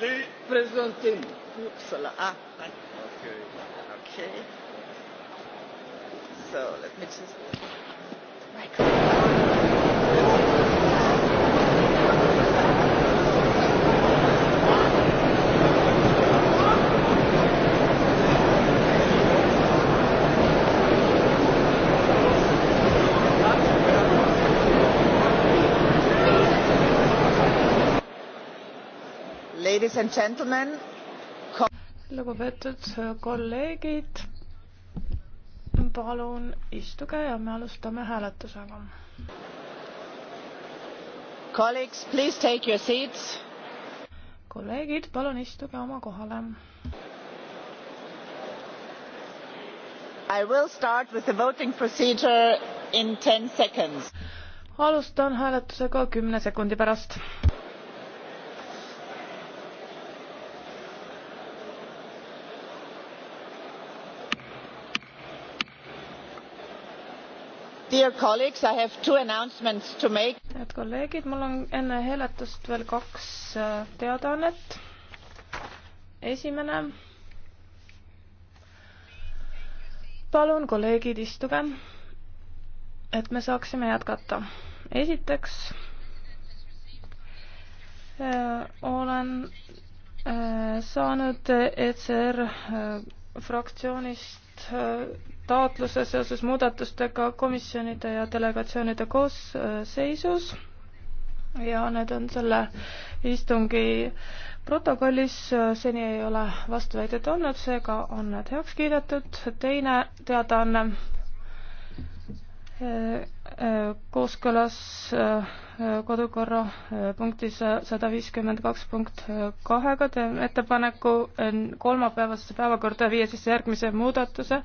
de... Prezentim. Uppsala. Ah, thank you. Okay. Okay. So let me just... Microphone. lugupeetud kolleegid, palun istuge ja me alustame hääletusega. kolleegid, palun istuge oma kohale. I will start with the voting procedure in ten seconds. alustan hääletusega kümne sekundi pärast. head kolleegid, mul on enne hääletust veel kaks äh, teadaannet. esimene. palun, kolleegid, istuge, et me saaksime jätkata. esiteks äh, olen äh, saanud ECR fraktsioonist taotluse seoses muudatustega komisjonide ja delegatsioonide koosseisus ja need on selle istungi protokollis, seni ei ole vastuväidet olnud, seega on need heaks kiidetud. teine teadaanne eh, eh, kooskõlas eh, kodukorra punktis sada viiskümmend kaks punkt kahega teeme ettepaneku kolmapäevasesse päevakorda viia sisse järgmise muudatuse.